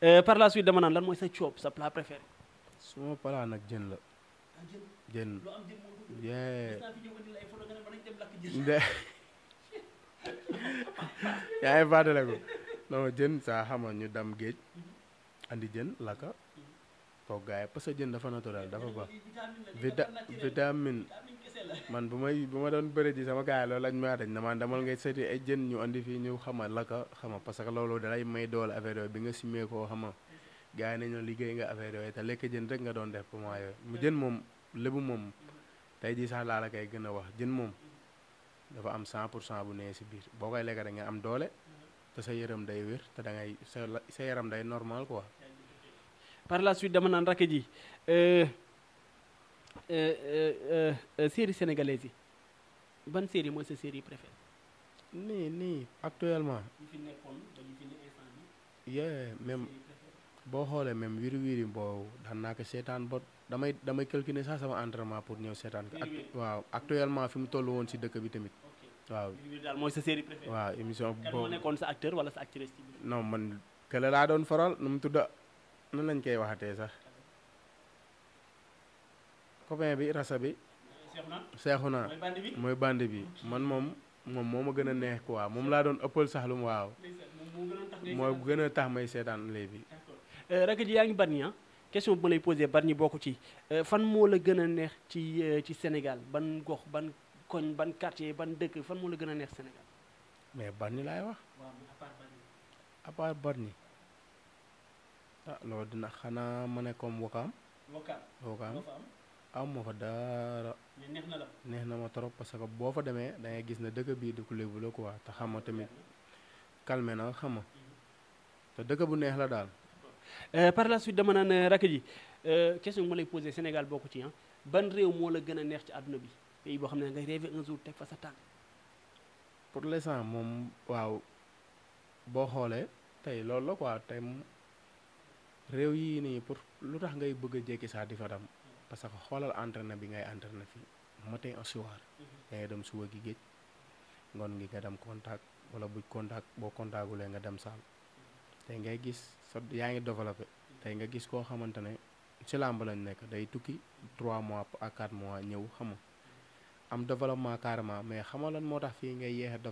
Eh, par la suite dama nan lan moy sa chop sa plat préféré. suma plat nak jeun ah, la. jën jën. ya ngi fàttale ko no jeun sa xama ñu dam geej mm-hmm. andi laka mm-hmm. to gaay pa sa jeun dafa natural dafa ba vitamine man bu may bu ma don bëri ji sama gaay yi loolu lañ ma dañ na man damal ngay seeti ay jën ñu andi fi ñu xama laka xama parce que loolu dalay may dool affaire bi nga simé ko xama gaay nañu liggéey nga affaire yoy ta lek jën rek nga don def pour moi mu jën mom lebu mom tay jii sax la la kay gëna wax jën mom dafa am 100 bu nee ci biir bokay lek da nga am doole te sa yaram day wër te da ngay sa sa day normal quoi. par la suite dama nan rakki ji. Euh, Euh, euh, euh, série sénégalaise yi ban série mooy sa série préférée. nii nii actuellement. yee même boo xoolee même wiri wiri boo daan naa ko seetaan ba damay damay calculer sax sama entraînement pour ñëw seetaan ko. waaw actuellement fi mu toll woon si dëkk bi tamit. waaw daal mooy sa série préférée. waaw émission boobu kan moo nekkoon sa acteur wala man kële laa doon faral nu mu tudd nan lañ koy waxatee sax. copain bi rasa bi. seexu naa mooy band bi man moom moom moo ma gën a neex quoi moom laa doon ëppal sax waaw. moo gën a tax may seetaan léegi. Euh, rakk ji yaa ngi Bargny ah question bu ma lay posé Bargny bokku ci euh, fan moo la gën a neex ci euh, ci Sénégal ban gox ban koñ ban quartier ban dëkk fan moo la gën a neex Sénégal. mais Bargny laay wax. à part ah loolu dina xanaa ma ne comme Wakaam. Wakaam amuma fa dara. neex na neex na ma trop parce que boo fa demee dangay gis ne dëkk bii dëkku lébu la quoi te xam tamit calmé na xam nga te dëkk bu neex la daal. Euh, par la suite dama naan euh, rakk ji euh, question bi ma lay posé Sénégal bokku ci ah ban réew moo la gën a neex ci àdduna bi pays boo xam ne ngay rêvé un jour teg fa sa tànk. pour l'instant moom waaw boo xoolee tey loolu la quoi tey réew yii nii pour lu tax ngay bëgg a jékki saa di fa dem parce que xoolal entraîné bi ngay entraîné fi matin au soir da mhm. ngay dem suba gi géej ngoon ngi nga dem contact wala buñ contact boo contactulee nga dem saal mhm. tey ngay gis sa yaa ngi développé tey nga gis koo xamante ne ci làmb lañ nekk day tukki trois mois à 4 mois ñëw xama mhm. am développement carrément mais xama lan moo tax fii ngay yéex a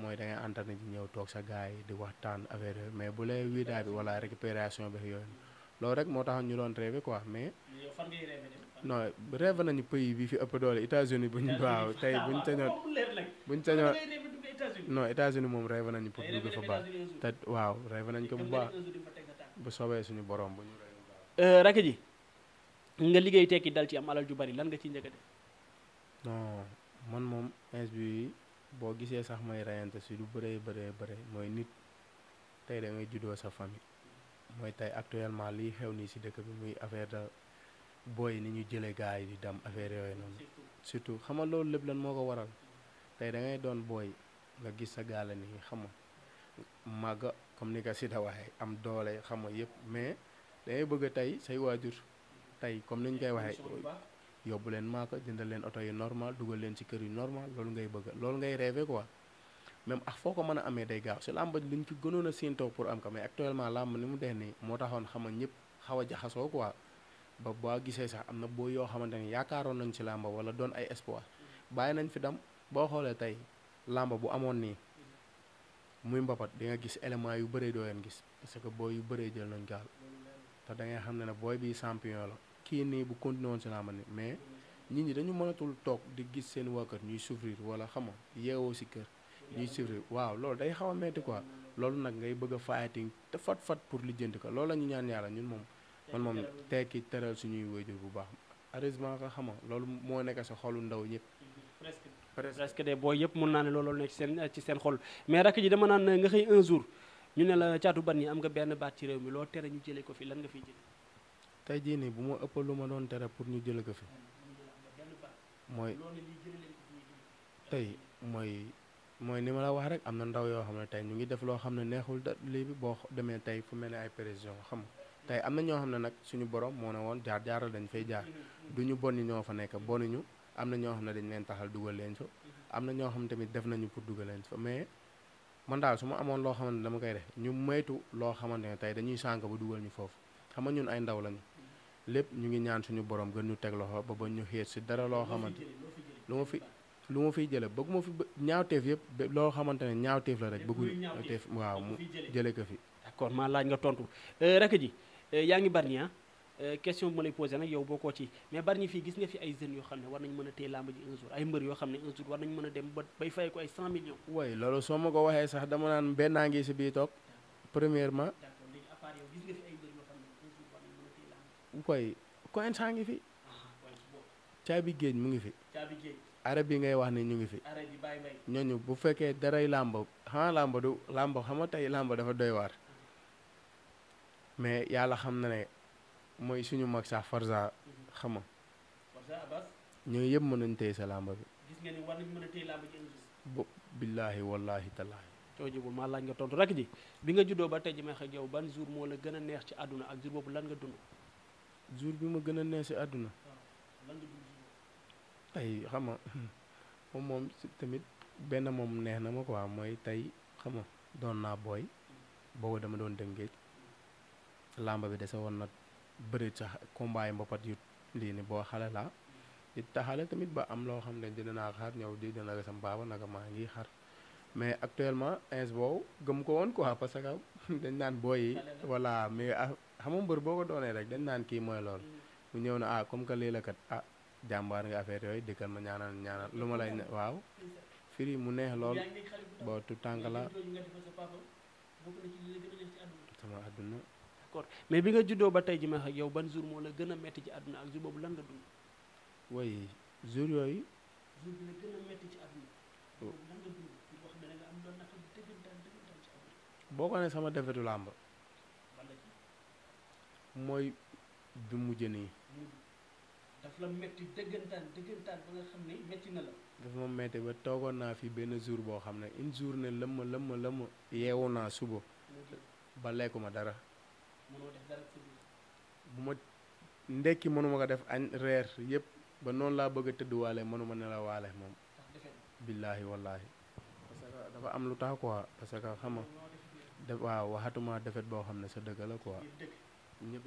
mooy da ngay entraîné ji ñëw toog sa gars yi di waxtaan affaire mais bu lay wiidaa bi wala récupération bi loolu rek moo tax ñu doon rêvé quoi mais. non rêvé nañu pays bi fi ëpp doole États-Unis buñ. waaw tey buñ sañoon buñ sañoon non États-Unis moom rêvé nañu pour dugg fa baax te waaw rêvé nañ ko bu baax bu soobee suñu borom bu ñu. Euh, rakk ji nga liggéey tekki dal ci am alal ju bari lan nga ci njëkk non man moom ins bi boo gisee sax may rayante si lu bëree bëree bëri mooy nit tey da ngay juddoo sa famille. mooy tey actuellement liy xew nii si dëkk bi muy affaire de booy ni ñu jëlee gars yi di dem affaire yooyu noonu. surtout xam nga loolu lépp lan moo ko waral tey da ngay doon booy nga gis sa gaale nii xam nga màgg comme ni ko si da waxee am doole xam nga yëpp mais da ngay bëgg tey say waajur tey comme ni ñu koy waxee. yóbbu leen maaka jëndal leen oto yu normal dugal leen ci kër yu normal loolu ngay bëgg loolu ngay rêvé quoi. même ak ah, foko meuna amé day gaaw si lamb liñ ci gënoon a séentoo pour am ko mais actuellement lamb ni mu dee nii mo taxone xama ñep xawa jaxaso quoi ba boo gisé sax amna bo yo xamanteni xamante yaakaaroon nañ ci lamb wala doon ay espoir bayé nañ fi dam bo xolé tay lamb bu amone ni muy mbapat di nga gis élément yu bëré doo leen gis parce que booy yu bëré jël nañ gaal ta da ngay xamné na boy bi champion la ki ni bu continué woon si làmb ni mais nit ñi dañu mënatul tok di gis seen wakkat ñuy souffrir wala xam yéwo ci si kër ñuy suivre waaw loolu day xaw a metti quoi loolu nag ngay bëgg a fighting te fat pour lijjanti ko loolu la ñu ñaan yàlla ñun moom man moom tekki teral suñuy wéyjur bu baax heureusement nga xama loolu moo nekk sa xolu ndaw ñëpp presque presque de booy yëpp mën naa ne loolu nekk seen ci seen xol mais rakk ji dama naan nga xëy un ñu ne la caatu ban yi am nga benn baat ci réew mi loo tere ñu jëlee ko fi lan nga fiy jëlee tey jii nii bu ma ëpp lu ma doon tere pour ñu jëlee ko fi mooy mooy ni ma la wax rek am na ndaw yoo xam ne tey ñu ngi def loo xam ne neexul da lii boo demee tey fu mel ne ay prévision xam tey am na ñoo xam ne nag suñu borom moo ne woon jaar jaaral dañ fay jaar du ñu bon ñoo fa nekk bonuñu am na ñoo xam ne dañ leen dugal leen am na ñoo xam tamit def nañu pour dugal leen fa mais man daal su ma amoon loo xam ne dama koy def ñu moytu loo xamante ne tey dañuy sànk ba dugal ñu foofu xam nga ñun ay ndaw lañu lépp ñu ngi ñaan suñu boroom gën ñu teg loxo ba ba ñu xiir si dara loo xamante lu ma fi lu ma fiy jële bëgguma fi ñaawteef yëpp loo xamante ne ñaawteef la rek bëggu ñaawteef waaw mu jële ko fi d'accord maa laaj nga tontu euh, rek ji euh, yaa ngi Bargny ah? euh, question bu ma lay posé nag yow boo koo ci mais Bargny fii gis nga fi ay jeunes yoo xam ne war nañ mën a téye làmb ji un jour ay mbër yoo xam ne un jour war nañ mën a dem fay ko ay 100 millions way loolu soo ko waxee sax dama naan bennaa ngi si bii toog premièrement way saa ngi fi ah, caabi géej mu ngi fi arab yi ngay wax ne ñu ngi fi. arab yi ñooñu bu fekkee daray làmb xanaa làmb du làmb xam nga tey làmb dafa doy waar. mais yàlla xam na ne mooy suñu mag sax Forza xam nga. Forza Abbas. yëpp mën nañu téye sa làmb bi. gis nga ni war nañu mën a billaahi wallaahi tallaahi. soo jubul maa laaj nga tontu rek ji bi nga juddoo ba tey ji may xëy yow ban jour moo la gën a neex ci àdduna ak jour boobu lan nga dund. jour bi ma gën a neex ci àdduna. ay xam nga moom moom tamit benn moom neex na ma quoi mooy tey xam nga doon naa booy boobu dama doon dëngéej làmba bi dese woon na bëri ca combat yi mbapat yu lii ni boo xale laa di taxale tamit ba am loo xam ne dina naa xaar ñëw di dina la sam baaba naka maa ngi xar mais actuellement ins boobu gëm ko woon ko parce que dañ naan booy yi voilà mais ah, xam nga mbër boo ko doonee rek dañ naan kii mooy lool mm. mu ñëw na ah comme que lii la kat ah, jambar nga affaire yoy dikkal ma ñaanal ñaanal luma lay waaw firi mu neex lool bo tu tang la sama aduna d'accord mais bi nga juddo ba tay ji ma xak yow ban jour mo la gëna metti ci aduna ak jour bobu lan nga dund way jour yoy jour bi la gën metti ci àdduna lan ne sama defetu lamb moy bi mujj nii dafa la métti dëggantaan dëggantaan ba nga xam ne métti na la. dafa ma métti ba toogoon naa fi benn jour boo xam ne une journée lëmm lëmm lëmm yeewu naa suba. ba lekkuma dara. mënoo dara bu ma ndekki mënuma ko def añ reer yëpp ba noonu laa bëgg a tëdduwaale mënuma ne la waale moom. billaahi wallaahi. parce que dafa am lu tax quoi parce que xam nga. waaw waxatuma defet boo xam ne sa dëgg la quoi. ñëpp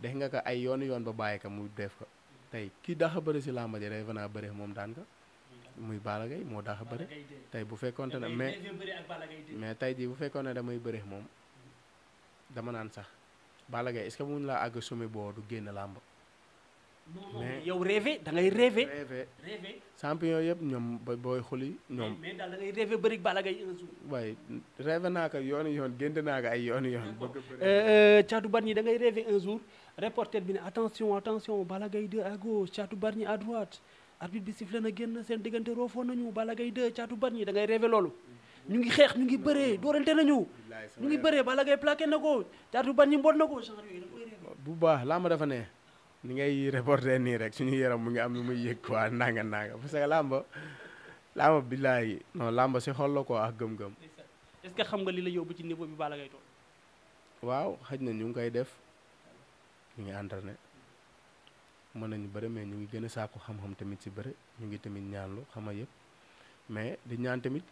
dex nga ko ay yoonu yoon ba bàyyi ka mu def ko tey kii dax a bëri si làmba ji defe naa bëri moom daan ka muy Balla Gaye moo dax a bëri tey bu fekkonte ne mais mais tey jii bu fekkoon ne damay bëri moom dama naan sax Balla Gaye est-ce que mun laa àgg sumi boo du génn làmb mais yow rev da ngay rêvé. rêvé yëpp ñoom booy xuli ñoom. mais daal da ngay rêvé bëri Balla Gaye un jour. waaye rêvé naa ko yoonu yoon gént naa ko ay yoonu yoon. bëgg euh, euh, Thiatou Bargny da ngay rêvé un jour. reporter bi ne attention attention Balla Gaye 2 à gauche Thiatou Bargny à droite. arbitre bi sifflé na génn seen diggante roofoo nañu Balla Gaye 2 Thiatou Bargny da ngay rêvé loolu. ñu ngi xeex ñu ngi bëree doorante nañu. ñu ngi bëree Balla Gaye plaqué na ko Thiatou Bargny mboot na ko. bu baax laa ma dafa ne. ni ngay reporter nii rek suñu yaram mu ngi am lu muy yëg quoi ndànga ndànga parce que làmba làmba billaay non làmba si xol ko ak gëm-gëm. que xam nga li la yóbbu ci niveau bi Balla Gaye toll. waaw xaj na ñu ngi koy def ñu ngi entraîné mën nañu bëri mais ñu ngi gën a sàkku xam-xam tamit si bëri ñu ngi tamit ñaan lu xama yëpp mais di ñaan tamit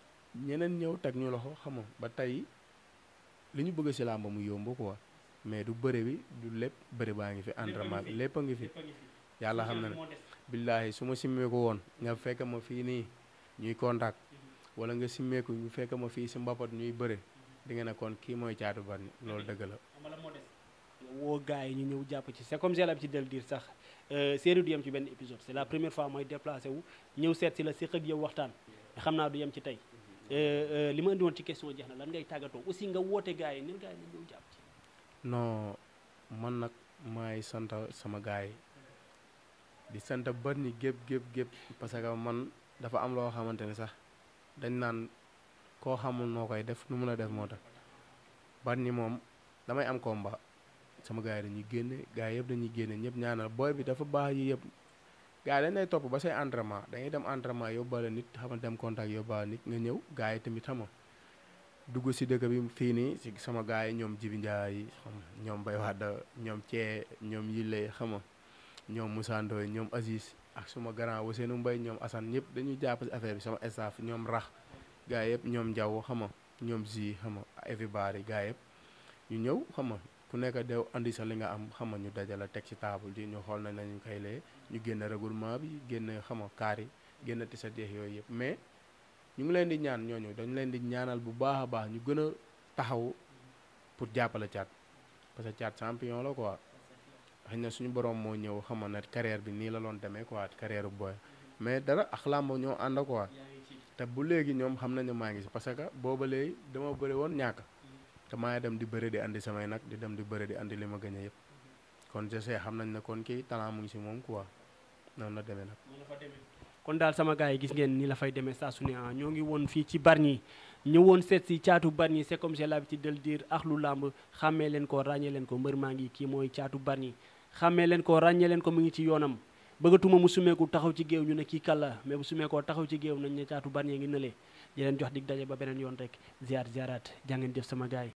ñeneen ñëw teg ñu loxo xama ba tey li ñu bëgg si làmba mu yomb quoi. mais du bëre bi du lepp bëre ba ngi fi entraînement bi lépp a ngi fi yalla xamna billahi suma simme ko won nga fekk ma fi ni ñuy contact mhm. wala nga ko ñu fekk ma fi ci mbapat ñuy bëre mhm. di nga ne kon ki moy caatu ban loolu deug la wo gaay ñu ñew japp ci c'est comme j'ai ci del le dire sax euh, série du yem ci ben épisode c'est la première fois moy déplacé wu ñew seet ci la séq ak yow waxtaan xamna du yam ci tey mhm. euh, euh lima andi won ci question jeexna lan ngay tagato aussi nga woote gaay ni nen ñu japp ci non man nag maay sant sama gaay di santa bër ñi gépp gépp gépp parce que man dafa am loo xamante ne sax dañ naan koo xamul noo koy def nu mun a def moo tax bër ñi moom damay am combat sama gaay yi dañuy génne gaay yëpp dañuy génne ñëpp ñaanal booy bi dafa baax yi yëpp gaay yi dañ lay topp ba say entraînement dangay dem entraînement yóbbaale nit xamante dem contact yóbbaale nit nga ñëw gaay yi tamit xama dugg si dëkk bi fii nii si sama gars yi ñoom Jibi Ndiaye xam ñoom Baye Wade ñoom Cee ñoom Yile xam ñoom Moussa Ndoye ñoom Aziz ak suma grand seenu mbay ñoom Assane ñëpp dañuy jàpp si affaire bi sama staff ñoom rax gars yëpp ñoom Ndiaw xam ñoom Zi xam everybody gars yëpp ñu ñëw xam ku nekk dew andi sa li nga am xam ñu dajale teg ci table ji ñu xool nañ la ñu koy ñu génn règlement bi génn xam kaar yi génn tiset yeex yooyu yëpp mais. ñu ngi leen di ñaan ñooñu dañ leen di ñaanal bu baax a baax ñu gën a taxaw pour jàppale caat parce que caat champion la quoi xëy na suñu borom moo ñëw xama na carrière bi nii la loon demee quoi carrière bu boy mais dara ak làmb ñoo ànd quoi te bu léegi ñoom xam nañu maa ngi si parce que booba léegi dama bëri woon ñàkk te maa dem di bëri di andi samay nag di dem di bëri di andi li ma gën yëpp kon je sais xam nañ ne kon kii talent mu ngi si moom quoi noonu la demee nag kon daal sama gars yi gis ngeen ni la fay demee saa su ne ah ñoo ngi woon fii ci Bargny ñëwoon seet si caatu Bargny c'est comme j'ai l'habitude de le dire ax lu làmb xàmmee leen ko ràññee leen ko mbër maa ngi kii mooy caatu Bargny xàmmee leen ko ràññee leen ko mu ngi ci yoonam bëggatuma mu summeeku taxaw ci géew ñu ne kii kàlla mais bu sumeekoo taxaw ci géew nañ ne caatu Bargny ngi nële di leen jox dig daje ba beneen yoon rek ziar ziarat jàngeen jëf sama gars yi